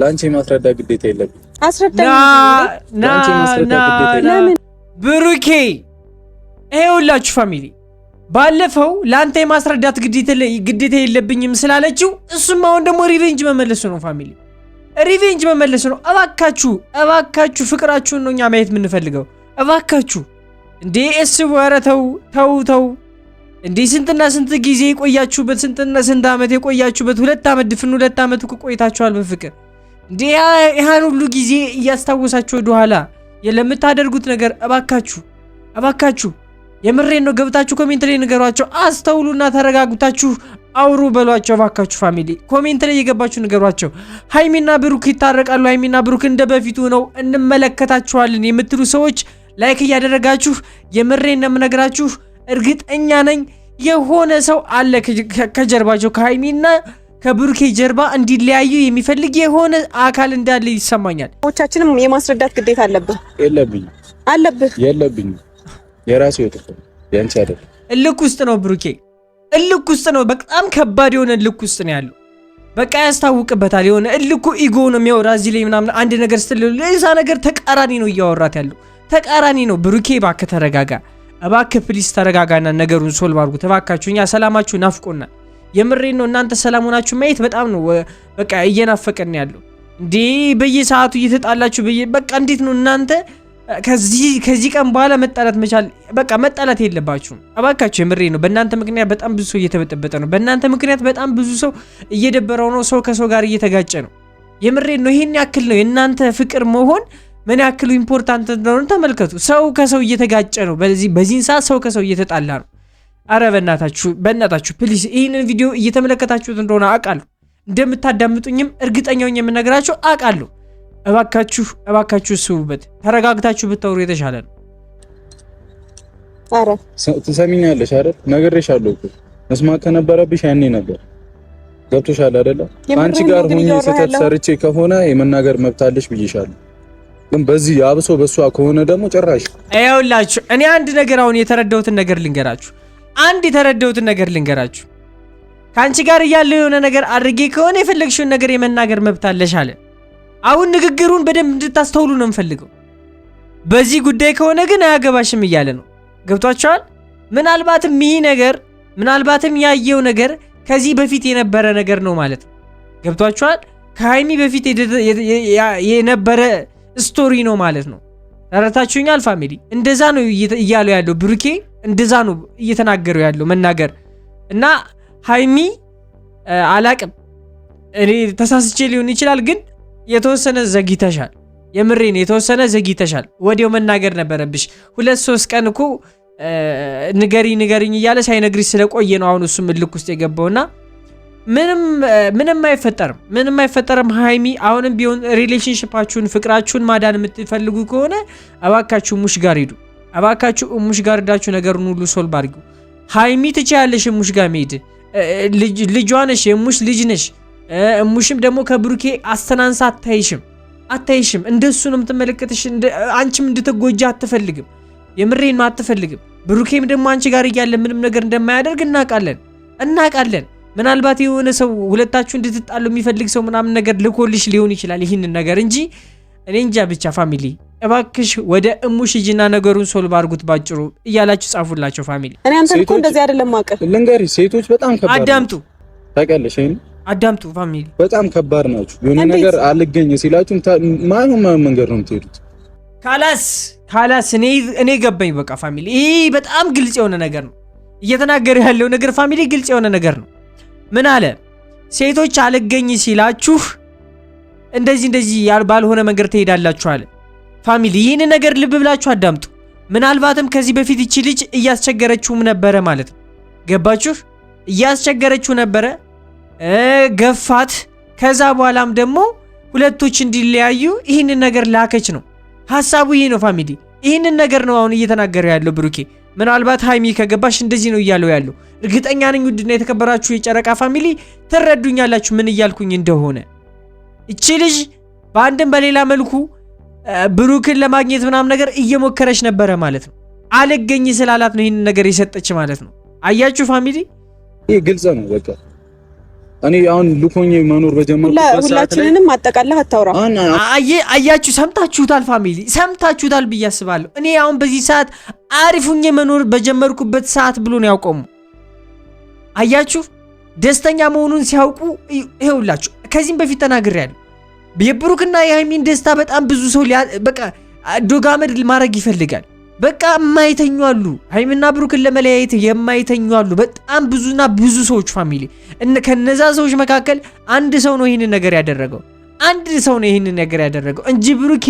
ለአንቺ የማስረዳ ግዴታ የለብኝ። አስረዳኝ። ብሩኬ? ይሄ ሁላችሁ ፋሚሊ ባለፈው ለአንተ የማስረዳት ግዴታ የለብኝም ስላለችው እሱም አሁን ደግሞ ሪቬንጅ መመለሱ ነው። ፋሚሊ ሪቬንጅ መመለሱ ነው። እባካችሁ እባካችሁ ፍቅራችሁን ነው እኛ ማየት የምንፈልገው። እባካችሁ እንዴ እስ ወረ ተው ተው ተው እንዴ! ስንትና ስንት ጊዜ የቆያችሁበት ስንትና ስንት ዓመት የቆያችሁበት ሁለት ዓመት ድፍን ሁለት ዓመት ቆይታችኋል በፍቅር እንዴ ይህን ሁሉ ጊዜ እያስታወሳችሁ ወደኋላ ለምታደርጉት ነገር እባካችሁ እባካችሁ የምሬን ነው። ገብታችሁ ኮሜንት ላይ ንገሯቸው። አስተውሉና ተረጋጉታችሁ አውሩ በሏቸው እባካችሁ። ፋሚሊ ኮሜንት ላይ የገባችሁ ንገሯቸው። ሀይሚና ብሩክ ይታረቃሉ፣ ሀይሚና ብሩክ እንደ በፊቱ ነው እንመለከታችኋለን የምትሉ ሰዎች ላይክ እያደረጋችሁ የምሬን ነው የምነግራችሁ። እርግጠኛ ነኝ የሆነ ሰው አለ ከጀርባቸው ከሀይሚና ከብሩኬ ጀርባ እንዲለያዩ የሚፈልግ የሆነ አካል እንዳለ ይሰማኛል። ቻችንም የማስረዳት ግዴታ አለብህ። የለብኝ አለብህ። የለብኝም የራሱ ያንቺ አይደል። እልክ ውስጥ ነው ብሩኬ፣ እልክ ውስጥ ነው። በጣም ከባድ የሆነ እልክ ውስጥ ነው ያለው። በቃ ያስታውቅበታል። የሆነ እልኩ ኢጎ ነው የሚያወራ እዚህ ላይ ምናምን አንድ ነገር ስትል ለዛ ነገር ተቃራኒ ነው እያወራት ያለው ተቃራኒ ነው። ብሩኬ እባክህ ተረጋጋ፣ እባክህ ፕሊስ ተረጋጋና ነገሩን ሶልቭ አድርጉት እባካችሁ። እኛ ሰላማችሁ ናፍቆናል። የምሬን ነው። እናንተ ሰላም ሆናችሁ ማየት በጣም ነው በቃ እየናፈቀን ያለው እንዴ በየሰዓቱ እየተጣላችሁ በቃ እንዴት ነው እናንተ ከዚህ ቀን በኋላ መጣላት መቻል በቃ መጣላት የለባችሁም እባካችሁ። የምሬ ነው። በእናንተ ምክንያት በጣም ብዙ ሰው እየተበጠበጠ ነው። በእናንተ ምክንያት በጣም ብዙ ሰው እየደበረው ነው። ሰው ከሰው ጋር እየተጋጨ ነው። የምሬ ነው። ይሄን ያክል ነው የእናንተ ፍቅር መሆን ምን ያክሉ ኢምፖርታንት እንደሆነ ተመልከቱ። ሰው ከሰው እየተጋጨ ነው። በዚህ በዚህን ሰዓት ሰው ከሰው እየተጣላ ነው። አረ በእናታችሁ በእናታችሁ ፕሊስ ይህንን ቪዲዮ እየተመለከታችሁት እንደሆነ አውቃለሁ። እንደምታዳምጡኝም እርግጠኛውን የምነግራችሁ አውቃለሁ። እባካችሁ እባካችሁ ስቡበት። ተረጋግታችሁ ብታወሩ የተሻለ ነው። አረ ትሰሚኛለሽ አይደል? ነግሬሻለሁ እኮ መስማት ከነበረብሽ ያኔ ነበር። ገብቶሻል አይደለ? አንቺ ጋር ሆኜ ስህተት ሰርቼ ከሆነ የመናገር መብታለሽ አለሽ ብዬሻለሁ። ግን በዚህ አብሶ በሷ ከሆነ ደግሞ ጭራሽ ይኸውላችሁ እኔ አንድ ነገር አሁን የተረዳሁትን ነገር ልንገራችሁ አንድ የተረዳሁትን ነገር ልንገራችሁ። ከአንቺ ጋር እያለው የሆነ ነገር አድርጌ ከሆነ የፈለግሽውን ነገር የመናገር መብት አለሽ አለ። አሁን ንግግሩን በደንብ እንድታስተውሉ ነው የምፈልገው። በዚህ ጉዳይ ከሆነ ግን አያገባሽም እያለ ነው። ገብቷችኋል? ምናልባትም ይህ ነገር ምናልባትም ያየው ነገር ከዚህ በፊት የነበረ ነገር ነው ማለት ነው። ገብቷችኋል? ከሀይሚ በፊት የነበረ ስቶሪ ነው ማለት ነው። ተረታችሁኛል ፋሚሊ? እንደዛ ነው እያለው ያለው ብሩኬ እንደዛ ነው እየተናገሩ ያለው መናገር እና ሀይሚ አላቅም እኔ ተሳስቼ ሊሆን ይችላል፣ ግን የተወሰነ ዘግይተሻል። የምሬን የተወሰነ ዘግይተሻል። ወዲያው መናገር ነበረብሽ። ሁለት ሶስት ቀን እኮ ንገሪ ንገሪኝ እያለ ሳይነግሪ ስለቆየ ነው አሁን እሱም እልክ ውስጥ የገባውና ምንም አይፈጠርም፣ ምንም አይፈጠርም። ሀይሚ አሁንም ቢሆን ሪሌሽንሽፓችሁን ፍቅራችሁን ማዳን የምትፈልጉ ከሆነ እባካችሁ ሙሽ ጋር ሂዱ። እባካችሁ እሙሽ ጋር ሄዳችሁ ነገሩን ሁሉ ሶልቭ አድርጊው። ሀይሚ ትችያለሽ፣ እሙሽ ጋር መሄድ ልጇ ነሽ፣ የእሙሽ ልጅ ነሽ። እሙሽም ደግሞ ከብሩኬ አስተናንሳ አታይሽም አታይሽም እንደሱ ነው የምትመለከትሽ። አንቺም እንድትጎጃ አትፈልግም። የምሬን ነው አትፈልግም። ብሩኬም ደግሞ አንቺ ጋር እያለ ምንም ነገር እንደማያደርግ እናውቃለን እናውቃለን። ምናልባት የሆነ ሰው ሁለታችሁ እንድትጣሉ የሚፈልግ ሰው ምናምን ነገር ልኮልሽ ሊሆን ይችላል ይህንን ነገር እንጂ እኔ እንጃ ብቻ ፋሚሊ እባክሽ ወደ እሙሽ ሂጂና ነገሩን ሶልቭ አድርጉት ባጭሩ እያላችሁ ጻፉላቸው። ፋሚሊ እኔ አንተን እኮ እንደዚህ አይደለም ማቀፍ ልንገርሽ፣ ሴቶች በጣም ከባድ አዳምጡ፣ ታውቂያለሽ ይሄን አዳምጡ። ፋሚሊ በጣም ከባድ ናችሁ። የሆነ ነገር አልገኝ ሲላችሁ ማንም መንገድ ነው የምትሄዱት። ካላስ ካላስ እኔ እኔ ገባኝ። በቃ ፋሚሊ ይሄ በጣም ግልጽ የሆነ ነገር ነው እየተናገረ ያለው ነገር ፋሚሊ ግልጽ የሆነ ነገር ነው። ምን አለ ሴቶች አልገኝ ሲላችሁ እንደዚህ እንደዚህ ባልሆነ መንገድ ትሄዳላችሁ አለ ፋሚሊ ይህን ነገር ልብ ብላችሁ አዳምጡ። ምናልባትም ከዚህ በፊት ይቺ ልጅ እያስቸገረችውም ነበረ ማለት ነው። ገባችሁ? እያስቸገረችው ነበረ ገፋት። ከዛ በኋላም ደግሞ ሁለቶች እንዲለያዩ ይህንን ነገር ላከች ነው ሀሳቡ። ይህ ነው ፋሚሊ፣ ይህንን ነገር ነው አሁን እየተናገረው ያለው ብሩኬ። ምናልባት ሀይሚ ከገባሽ እንደዚህ ነው እያለው ያለው እርግጠኛ ነኝ። ውድና የተከበራችሁ የጨረቃ ፋሚሊ ትረዱኛላችሁ ምን እያልኩኝ እንደሆነ። እቺ ልጅ በአንድም በሌላ መልኩ ብሩክን ለማግኘት ምናምን ነገር እየሞከረች ነበረ ማለት ነው። አልገኝ ስላላት ነው ይህንን ነገር የሰጠች ማለት ነው። አያችሁ ፋሚሊ፣ ይህ ግልጽ ነው። በቃ እኔ አሁን ልኮኝ መኖር በጀመርኩ ሁላችንንም አጠቃለህ አታውራ። አያችሁ፣ ሰምታችሁታል ፋሚሊ፣ ሰምታችሁታል ብዬ አስባለሁ። እኔ አሁን በዚህ ሰዓት አሪፉኝ መኖር በጀመርኩበት ሰዓት ብሎ ነው ያውቆሙ። አያችሁ፣ ደስተኛ መሆኑን ሲያውቁ ይሄውላችሁ፣ ከዚህም በፊት ተናግሬያለሁ የብሩክና የሃይሚን ደስታ በጣም ብዙ ሰው በቃ ዶጋመድ ማድረግ ይፈልጋል። በቃ የማይተኙ አሉ። ሃይሚና ብሩክን ለመለያየት የማይተኙ አሉ። በጣም ብዙና ብዙ ሰዎች ፋሚሊ። ከነዛ ሰዎች መካከል አንድ ሰው ነው ይህንን ነገር ያደረገው። አንድ ሰው ነው ይህንን ነገር ያደረገው እንጂ ብሩኬ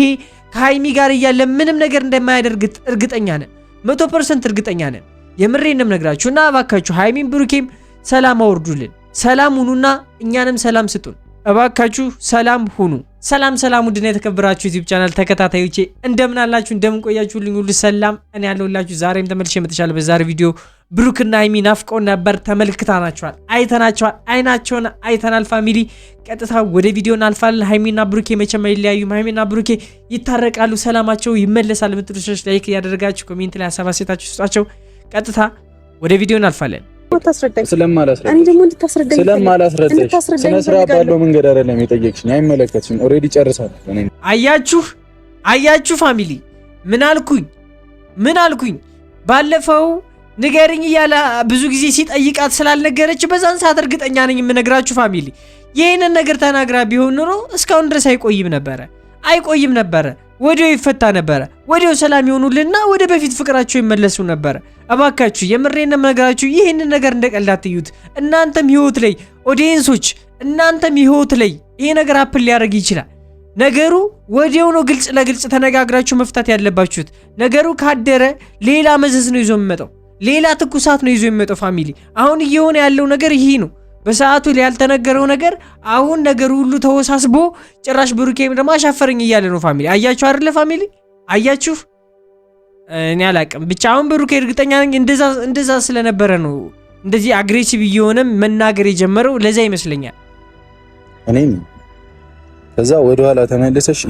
ከሃይሚ ጋር እያለ ምንም ነገር እንደማያደርግ እርግጠኛ ነን፣ መቶ ፐርሰንት እርግጠኛ ነን። የምሬንም ነግራችሁ እና እባካችሁ ሃይሚን ብሩኬም ሰላም አወርዱልን፣ ሰላም ሁኑና እኛንም ሰላም ስጡን። እባካችሁ ሰላም ሁኑ። ሰላም ሰላም፣ ውድና የተከበራችሁ ዩቲዩብ ቻናል ተከታታዮቼ እንደምን አላችሁ? እንደምን ቆያችሁልኝ? ሁሉ ሰላም፣ እኔ ያለሁላችሁ ዛሬም ተመልሼ መጥቻለሁ። በዛሬ ቪዲዮ ብሩክና ሀይሚ ናፍቀውን ነበር፣ ተመልክተናቸዋል፣ አይተናቸዋል፣ አይናቸውን አይተናል። ፋሚሊ ቀጥታ ወደ ቪዲዮ እናልፋለን። ሀይሚና ብሩኬ መቼም አይለያዩም፣ ሀይሚና ብሩኬ ይታረቃሉ፣ ሰላማቸው ይመለሳል። የምትሉ ላይክ እያደረጋችሁ ኮሜንት ላይ ሀሳብ አስተያየታችሁ ስጧቸው። ቀጥታ ወደ ቪዲዮ እናልፋለን። ባለው መንገድ አይደለም የጠየቅሽኝ። አይመለከትሽም። ኦልሬዲ ጨርሳለሁ። አያችሁ አያችሁ ፋሚሊ ምን አልኩኝ? ምን አልኩኝ? ባለፈው ንገርኝ እያለ ብዙ ጊዜ ሲጠይቃት ስላልነገረች በዛን ሰዓት እርግጠኛ ነኝ የምነግራችሁ ፋሚሊ ይህንን ነገር ተናግራ ቢሆን ኖሮ እስካሁን ድረስ አይቆይም ነበረ፣ አይቆይም ነበረ። ወዲያው ይፈታ ነበረ። ወዲያው ሰላም ይሆኑልና ወደ በፊት ፍቅራቸው ይመለሱ ነበረ። እባካችሁ የምሬን ነገራችሁ ይህንን ነገር እንደቀልድ አትዩት። እናንተም ህይወት ላይ ኦዲየንሶች፣ እናንተም ህይወት ላይ ይህ ነገር አፕል ሊያደርግ ይችላል። ነገሩ ነው ግልጽ ለግልጽ ተነጋግራችሁ መፍታት ያለባችሁት። ነገሩ ካደረ ሌላ መዘዝ ነው ይዞ የሚመጣው፣ ሌላ ትኩሳት ነው ይዞ የሚመጣው። ፋሚሊ አሁን እየሆነ ያለው ነገር ይሄ ነው። በሰዓቱ ያልተነገረው ነገር አሁን ነገሩ ሁሉ ተወሳስቦ ጭራሽ ብሩኬም ደግሞ አሻፈረኝ እያለ ነው ፋሚሊ። አያችሁ አይደለ ፋሚሊ አያችሁ። እኔ አላቅም ብቻ አሁን ብሩኬ እርግጠኛ ነኝ እንደዛ ስለነበረ ነው እንደዚህ አግሬሲቭ እየሆነም መናገር የጀመረው ለዛ ይመስለኛል። እኔም ከዛ ወደኋላ ተመለሰሽ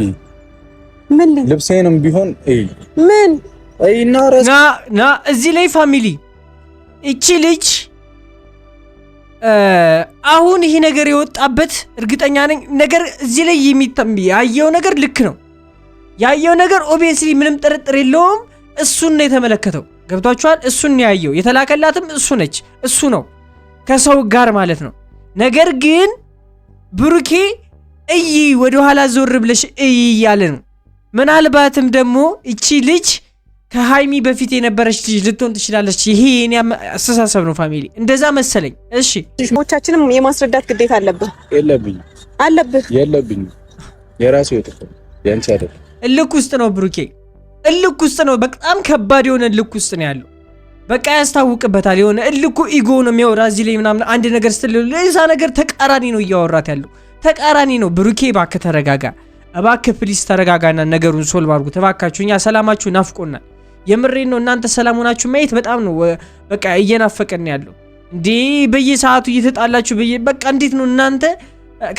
ምን ልብሴንም ቢሆን ምን ና እዚህ ላይ ፋሚሊ እቺ ልጅ አሁን ይሄ ነገር የወጣበት እርግጠኛ ነኝ ነገር እዚህ ላይ ያየው ነገር ልክ ነው ያየው ነገር ኦብቪየስሊ ምንም ጥርጥር የለውም። እሱን ነው የተመለከተው። ገብቷችኋል? እሱን ያየው። የተላከላትም እሱ ነች። እሱ ነው ከሰው ጋር ማለት ነው። ነገር ግን ብሩኬ እይ ወደኋላ ዞር ብለሽ እይ እያለ ነው። ምናልባትም ደግሞ እቺ ልጅ ከሀይሚ በፊት የነበረች ልጅ ልትሆን ትችላለች። ይሄ የኔ አስተሳሰብ ነው ፋሚሊ፣ እንደዛ መሰለኝ። እሺ ሞቻችንም የማስረዳት ግዴታ አለብህ የለብኝ አለብህ የለብኝ የራሱ የጥፍ ያንቺ አይደለም። እልክ ውስጥ ነው ብሩኬ እልክ ውስጥ ነው። በጣም ከባድ የሆነ እልክ ውስጥ ነው ያለው። በቃ ያስታውቅበታል። የሆነ እልኩ ኢጎ ነው የሚያወራ እዚህ ላይ ምናምን አንድ ነገር ስትል ለዛ ነገር ተቃራኒ ነው እያወራት ያለው ተቃራኒ ነው። ብሩኬ እባክህ ተረጋጋ፣ እባክህ ፕሊስ ተረጋጋና ነገሩን ሶልቭ አድርጉ እባካችሁ። እኛ ሰላማችሁ ናፍቆናል። የምሬን ነው። እናንተ ሰላም ሆናችሁ ማየት በጣም ነው በቃ እየናፈቀን ያለው እንዴ። በየሰዓቱ እየተጣላችሁ በቃ እንዴት ነው እናንተ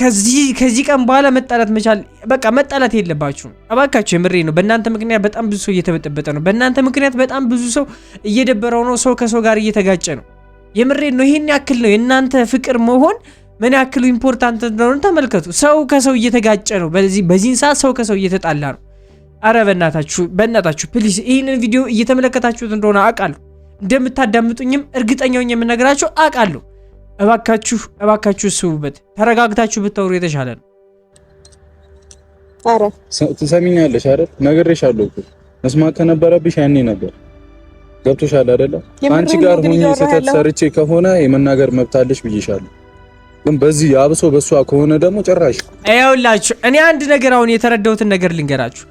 ከዚህ ከዚህ ቀን በኋላ መጣላት መቻል በቃ መጣላት የለባችሁም እባካችሁ። የምሬ ነው። በእናንተ ምክንያት በጣም ብዙ ሰው እየተበጠበጠ ነው። በእናንተ ምክንያት በጣም ብዙ ሰው እየደበረው ነው። ሰው ከሰው ጋር እየተጋጨ ነው። የምሬ ነው። ይህን ያክል ነው የእናንተ ፍቅር መሆን ምን ያክሉ ኢምፖርታንት እንደሆነ ተመልከቱ። ሰው ከሰው እየተጋጨ ነው። በዚህ በዚህን ሰዓት ሰው ከሰው እየተጣላ ነው። አረ በእናታችሁ በእናታችሁ ፕሊስ ይህንን ቪዲዮ እየተመለከታችሁት እንደሆነ አውቃለሁ። እንደምታዳምጡኝም እርግጠኛውን የምነግራችሁ አውቃለሁ። እባካችሁ እባካችሁ ስቡበት። ተረጋግታችሁ ብታወሩ የተሻለ ነው። ኧረ ትሰሚኛለሽ አይደል? ነግሬሻለሁ እኮ መስማት ከነበረብሽ ያኔ ነበር። ገብቶሻል አይደለ? አንቺ ጋር ሆኜ ስህተት ሰርቼ ከሆነ የመናገር መብታለሽ አለሽ ብዬሻለሁ። ግን በዚህ አብሶ በእሷ ከሆነ ደግሞ ጭራሽ ይኸውላችሁ፣ እኔ አንድ ነገር አሁን የተረዳሁትን ነገር ልንገራችሁ።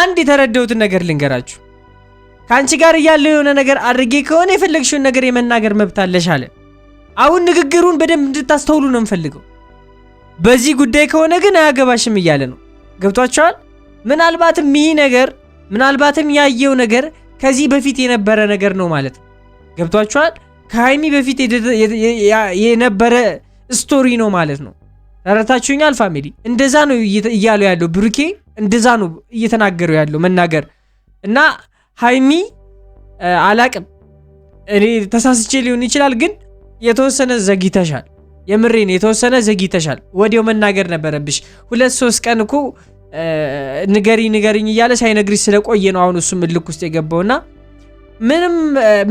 አንድ የተረዳሁትን ነገር ልንገራችሁ። ከአንቺ ጋር እያለው የሆነ ነገር አድርጌ ከሆነ የፈለግሽውን ነገር የመናገር መብታለሽ አለ አሁን ንግግሩን በደንብ እንድታስተውሉ ነው የምፈልገው። በዚህ ጉዳይ ከሆነ ግን አያገባሽም እያለ ነው። ገብቷቸዋል። ምናልባትም ይህ ነገር ምናልባትም ያየው ነገር ከዚህ በፊት የነበረ ነገር ነው ማለት ነው። ገብቷቸዋል። ከሀይሚ በፊት የነበረ ስቶሪ ነው ማለት ነው። ተረታችሁኛል ፋሚሊ? እንደዛ ነው እያሉ ያለው ብሩኬ፣ እንደዛ ነው እየተናገሩ ያለው መናገር እና ሀይሚ አላቅም እኔ ተሳስቼ ሊሆን ይችላል ግን የተወሰነ ዘግይተሻል። የምሬን የተወሰነ ዘግይተሻል። ወዲያው መናገር ነበረብሽ። ሁለት ሶስት ቀን እኮ ንገሪ ንገሪኝ እያለ ሳይነግሪሽ ስለቆየ ነው አሁን እሱም እልክ ውስጥ የገባውና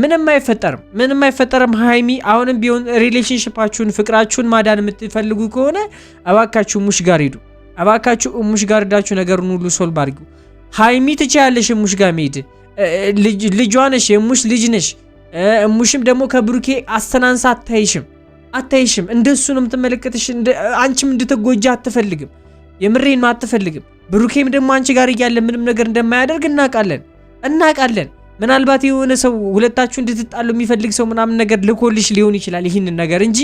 ምንም አይፈጠርም፣ ምንም አይፈጠርም። ሀይሚ አሁንም ቢሆን ሪሌሽንሽፓችሁን ፍቅራችሁን ማዳን የምትፈልጉ ከሆነ እባካችሁ ሙሽ ጋር ሂዱ። እባካችሁ እሙሽ ጋር ሄዳችሁ ነገሩን ሁሉ ሶልቭ አድርጉ። ሀይሚ ትችያለሽ፣ ጋር መሄድ ልጇ ነሽ፣ የሙሽ ልጅ ነሽ። እሙሽም ደግሞ ከብሩኬ አስተናንሳ አታይሽም አታይሽም እንደሱ ነው የምትመለከትሽ። አንቺም እንድትጎጃ አትፈልግም። የምሬን ነው አትፈልግም። ብሩኬም ደግሞ አንቺ ጋር እያለ ምንም ነገር እንደማያደርግ እናውቃለን እናውቃለን። ምናልባት የሆነ ሰው ሁለታችሁ እንድትጣሉ የሚፈልግ ሰው ምናምን ነገር ልኮልሽ ሊሆን ይችላል ይህንን ነገር እንጂ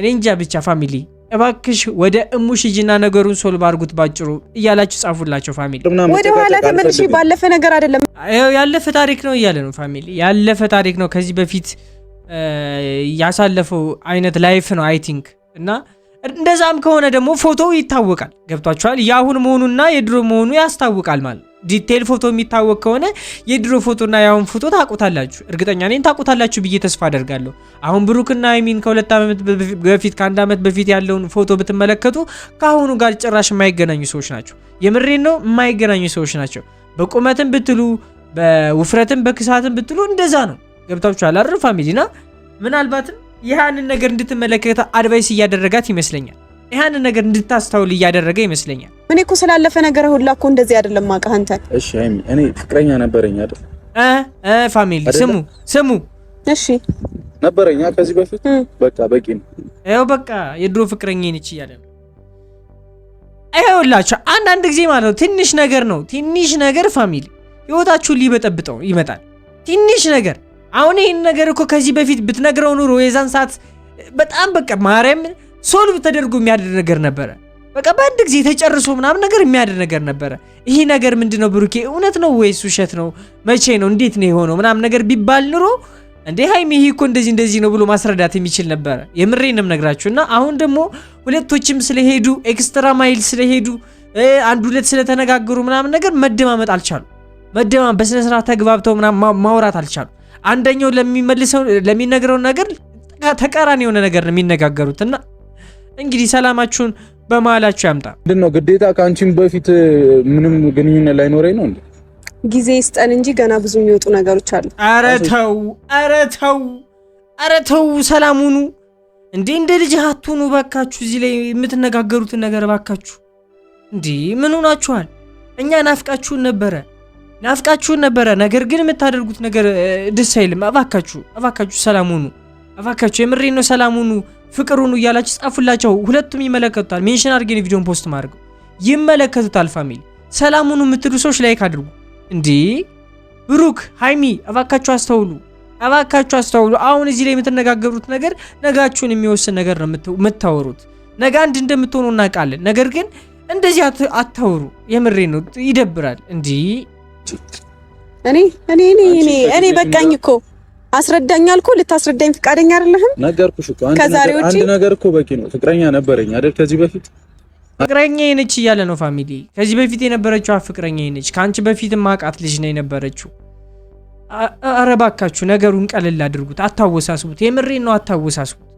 እኔ እንጃ ብቻ ፋሚሊ እባክሽ ወደ እሙሽ ሂጂና ነገሩን ሶልቭ አድርጉት ባጭሩ እያላችሁ ጻፉላቸው ፋሚሊ። ወደ ኋላ ተመልሽ ባለፈ ነገር አይደለም ያለፈ ታሪክ ነው እያለ ነው ፋሚሊ። ያለፈ ታሪክ ነው ከዚህ በፊት ያሳለፈው አይነት ላይፍ ነው አይ ቲንክ እና እንደዛም ከሆነ ደግሞ ፎቶው ይታወቃል። ገብቷችኋል? የአሁን መሆኑና የድሮ መሆኑ ያስታውቃል ማለት ዲቴል ፎቶ የሚታወቅ ከሆነ የድሮ ፎቶና የአሁን ፎቶ ታቁታላችሁ። እርግጠኛ ነኝ ታቁታላችሁ ብዬ ተስፋ አደርጋለሁ። አሁን ብሩክና ሀይሚን ከሁለት ዓመት በፊት ከአንድ ዓመት በፊት ያለውን ፎቶ ብትመለከቱ ከአሁኑ ጋር ጭራሽ የማይገናኙ ሰዎች ናቸው። የምሬን ነው፣ የማይገናኙ ሰዎች ናቸው። በቁመትም ብትሉ በውፍረትም በክሳትም ብትሉ እንደዛ ነው። ገብታችኋል አይደል ፋሚሊና ምናልባትም ይህንን ነገር እንድትመለከት አድቫይስ እያደረጋት ይመስለኛል። ያንን ነገር እንድታስተውል እያደረገ ይመስለኛል። እኔ እኮ ስላለፈ ነገር ሁላ እኮ እንደዚህ አይደለም ማቀ አንተ። እሺ ሀይሚ፣ እኔ ፍቅረኛ ነበረኝ አይደል? እ እ ፋሚሊ ስሙ ስሙ፣ እሺ ነበረኛ ከዚህ በፊት በቃ በቂ ነው። ይኸው በቃ የድሮ ፍቅረኛ ነች እያለ ነው። ይኸውላችሁ አንዳንድ ጊዜ ማለት ነው ትንሽ ነገር ነው ትንሽ ነገር ፋሚሊ ህይወታችሁን ሊበጠብጠው ይመጣል። ትንሽ ነገር አሁን ይህን ነገር እኮ ከዚህ በፊት ብትነግረው ኑሮ የዛን ሰዓት በጣም በቃ ማርያም ሶልቭ ተደርጎ የሚያድር ነገር ነበረ። በቃ በአንድ ጊዜ ተጨርሶ ምናምን ነገር የሚያድር ነገር ነበረ። ይሄ ነገር ምንድን ነው ብሩኬ? እውነት ነው ወይስ ውሸት ነው? መቼ ነው? እንዴት ነው የሆነው? ምናምን ነገር ቢባል ኑሮ እንዴ ሀይሚ ይሄ እኮ እንደዚህ እንደዚህ ነው ብሎ ማስረዳት የሚችል ነበረ። የምሬንም ነግራችሁ እና አሁን ደግሞ ሁለቶችም ስለሄዱ ኤክስትራ ማይል ስለሄዱ አንድ ሁለት ስለተነጋገሩ ምናምን ነገር መደማመጥ አልቻሉ። መደማመጥ በስነ ስርዓት ተግባብተው ምናምን ማውራት አልቻሉ። አንደኛው ለሚመልሰው ለሚነግረው ነገር ተቃራኒ የሆነ ነገር ነው የሚነጋገሩት እና እንግዲህ ሰላማችሁን በመሀላችሁ ያምጣ። ምንድን ነው ግዴታ ከአንቺም በፊት ምንም ግንኙነት ላይኖረኝ ነው እንዴ? ጊዜ ይስጠን እንጂ ገና ብዙ የሚወጡ ነገሮች አሉ። አረተው ተው፣ ኧረ ተው፣ ተው። እንዴ! እንደ ልጅ አትሁኑ ባካችሁ። እዚህ ላይ የምትነጋገሩትን ነገር ባካችሁ። እንዴ ምን ሆናችኋል? እኛ ናፍቃችሁን ነበረ ናፍቃችሁን ነበረ። ነገር ግን የምታደርጉት ነገር ደስ አይልም። እባካችሁ እባካችሁ ሰላም ሁኑ። እባካችሁ የምሬን ነው። ሰላም ሁኑ። ፍቅር ሁኑ እያላችሁ ጻፉላቸው። ሁለቱም ይመለከቱታል። ሜንሽን አድርገን ቪዲዮን ፖስት ማድረግ ይመለከቱታል። ፋሚሊ ሰላም ሁኑ የምትሉ ሰዎች ላይክ አድርጉ። እንዴ ብሩክ ሃይሚ፣ እባካችሁ አስተውሉ፣ እባካችሁ አስተውሉ። አሁን እዚህ ላይ የምትነጋገሩት ነገር ነጋችሁን የሚወስን ነገር ነው የምታወሩት። ነገ አንድ እንደምትሆኑ እናውቃለን። ነገር ግን እንደዚህ አታውሩ። የምሬ ነው፣ ይደብራል። እንዲህ እኔ እኔ እኔ እኔ በቃኝ እኮ አስረዳኝ አልኩ። ልታስረዳኝ ፍቃደኛ አይደለህም። ነገርኩሽ እኮ አንድ ነገር እኮ በቂ ነው። ፍቅረኛ ነበረኝ አይደል ከዚህ በፊት ፍቅረኛ ነች እያለ ነው ፋሚሊ። ከዚህ በፊት የነበረችው ፍቅረኛ ነች። ከአንቺ በፊት ማቃት ልጅ ነው የነበረችው። ኧረ እባካችሁ ነገሩን ቀለል አድርጉት፣ አታወሳስቡት። የምሬን ነው አታወሳስቡት።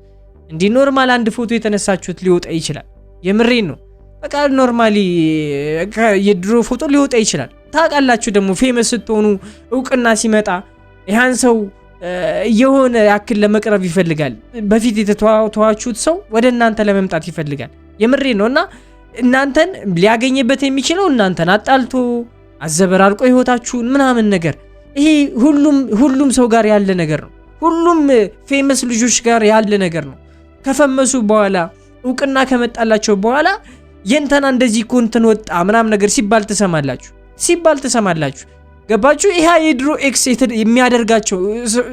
እንዲህ ኖርማል አንድ ፎቶ የተነሳችሁት ሊወጣ ይችላል። የምሬን ነው በቃ ኖርማሊ የድሮ ፎቶ ሊወጣ ይችላል። ታውቃላችሁ ደግሞ ፌመስ ስትሆኑ እውቅና ሲመጣ ያን ሰው የሆነ ያክል ለመቅረብ ይፈልጋል። በፊት የተተዋችሁት ሰው ወደ እናንተ ለመምጣት ይፈልጋል። የምሬ ነው እና እናንተን ሊያገኝበት የሚችለው እናንተን አጣልቶ አዘበራርቆ ህይወታችሁን ምናምን ነገር ይሄ ሁሉም ሁሉም ሰው ጋር ያለ ነገር ነው። ሁሉም ፌመስ ልጆች ጋር ያለ ነገር ነው። ከፈመሱ በኋላ እውቅና ከመጣላቸው በኋላ የእንተና እንደዚህ እኮ እንትን ወጣ ምናምን ነገር ሲባል ትሰማላችሁ ሲባል ትሰማላችሁ። ገባችሁ? ይህ የድሮ ኤክስ የሚያደርጋቸው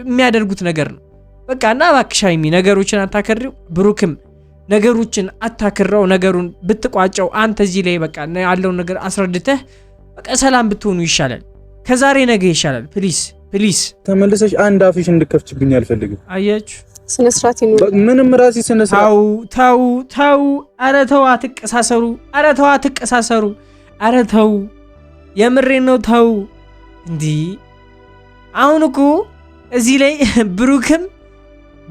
የሚያደርጉት ነገር ነው። በቃ እና እባክሽ ሀይሚ ነገሮችን አታከሪው፣ ብሩክም ነገሮችን አታክረው። ነገሩን ብትቋጨው አንተ እዚህ ላይ በቃ ያለውን ነገር አስረድተህ በቃ ሰላም ብትሆኑ ይሻላል። ከዛሬ ነገ ይሻላል። ፕሊስ ፕሊስ፣ ተመልሰሽ አንድ አፍሽ እንድከፍችብኝ አልፈልግም። አያችሁ፣ ምንም ራሴ ስነ ስርዓት። ተው ተው ተው! ተው አትቀሳሰሩ! ኧረ ተው አትቀሳሰሩ! ኧረ ተው የምሬ ነው። ተው እንዲህ አሁን እኮ እዚህ ላይ ብሩክም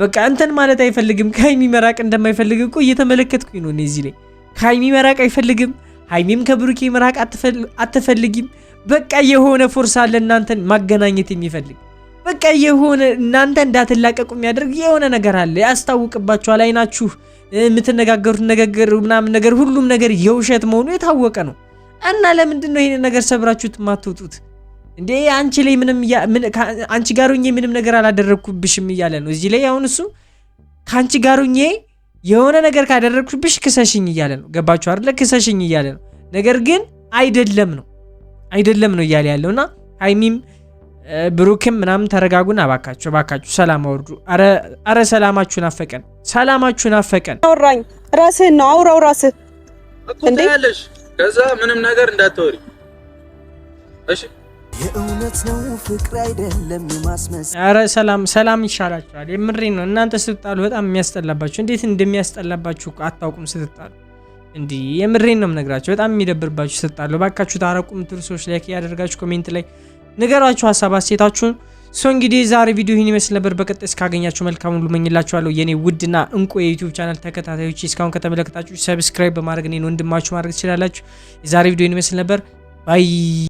በቃ እንትን ማለት አይፈልግም ከሀይሚ መራቅ እንደማይፈልግ እኮ እየተመለከትኩኝ ነው። እዚህ ላይ ከሀይሚ መራቅ አይፈልግም፣ ሀይሚም ከብሩኬ መራቅ አትፈልጊም። በቃ የሆነ ፎርስ አለ እናንተን ማገናኘት የሚፈልግ በቃ የሆነ እናንተ እንዳትላቀቁ የሚያደርግ የሆነ ነገር አለ። ያስታውቅባችኋል። አይናችሁ የምትነጋገሩት ነገር ምናምን ነገር ሁሉም ነገር የውሸት መሆኑ የታወቀ ነው እና ለምንድን ነው ይሄንን ነገር ሰብራችሁት ማትወጡት እንዴ አንቺ ላይ ምንም አንቺ ጋር ሆኜ ምንም ነገር አላደረግኩብሽም እያለ ነው። እዚህ ላይ አሁን እሱ ከአንቺ ጋር ሆኜ የሆነ ነገር ካደረግኩብሽ ክሰሽኝ እያለ ነው። ገባችሁ አይደለ? ክሰሽኝ እያለ ነው። ነገር ግን አይደለም ነው አይደለም ነው እያለ ያለውና ሀይሚም ብሩክም ምናምን ተረጋጉን፣ አባካችሁ አባካችሁ፣ ሰላም አውርዱ። አረ ሰላማችሁን አፈቀን፣ ሰላማችሁን አፈቀን። አውራኝ ራስህን ነው አውራው ራስህ እንዴ። ከዛ ምንም ነገር እንዳትወሪ እሺ የእውነት ነው ፍቅር አይደለም የማስመሰል። ኧረ ሰላም ሰላም ይሻላችኋል። የምሬ ነው። እናንተ ስትጣሉ በጣም የሚያስጠላባችሁ እንዴት እንደሚያስጠላባችሁ አታውቁም። ስትጣሉ እንዲህ የምሬን ነው የምነግራችሁ። በጣም የሚደብርባችሁ ስትጣሉ። ባካችሁ ታረቁ ምትሉ ሰዎች ላይክ ያደርጋችሁ ኮሜንት ላይ ንገራችሁ ሀሳብ አሴታችሁን። ሶ እንግዲህ ዛሬ ቪዲዮ ይህን ይመስል ነበር። በቀጣይ እስካገኛችሁ መልካም ሁሉ መኝላችኋለሁ። የኔ ውድና እንቁ የዩቲዩብ ቻናል ተከታታዮች እስካሁን ከተመለከታችሁ ሰብስክራይብ በማድረግ እኔን ወንድማችሁ ማድረግ ትችላላችሁ። የዛሬ ቪዲዮ ይህን ይመስል ነበር። ባይ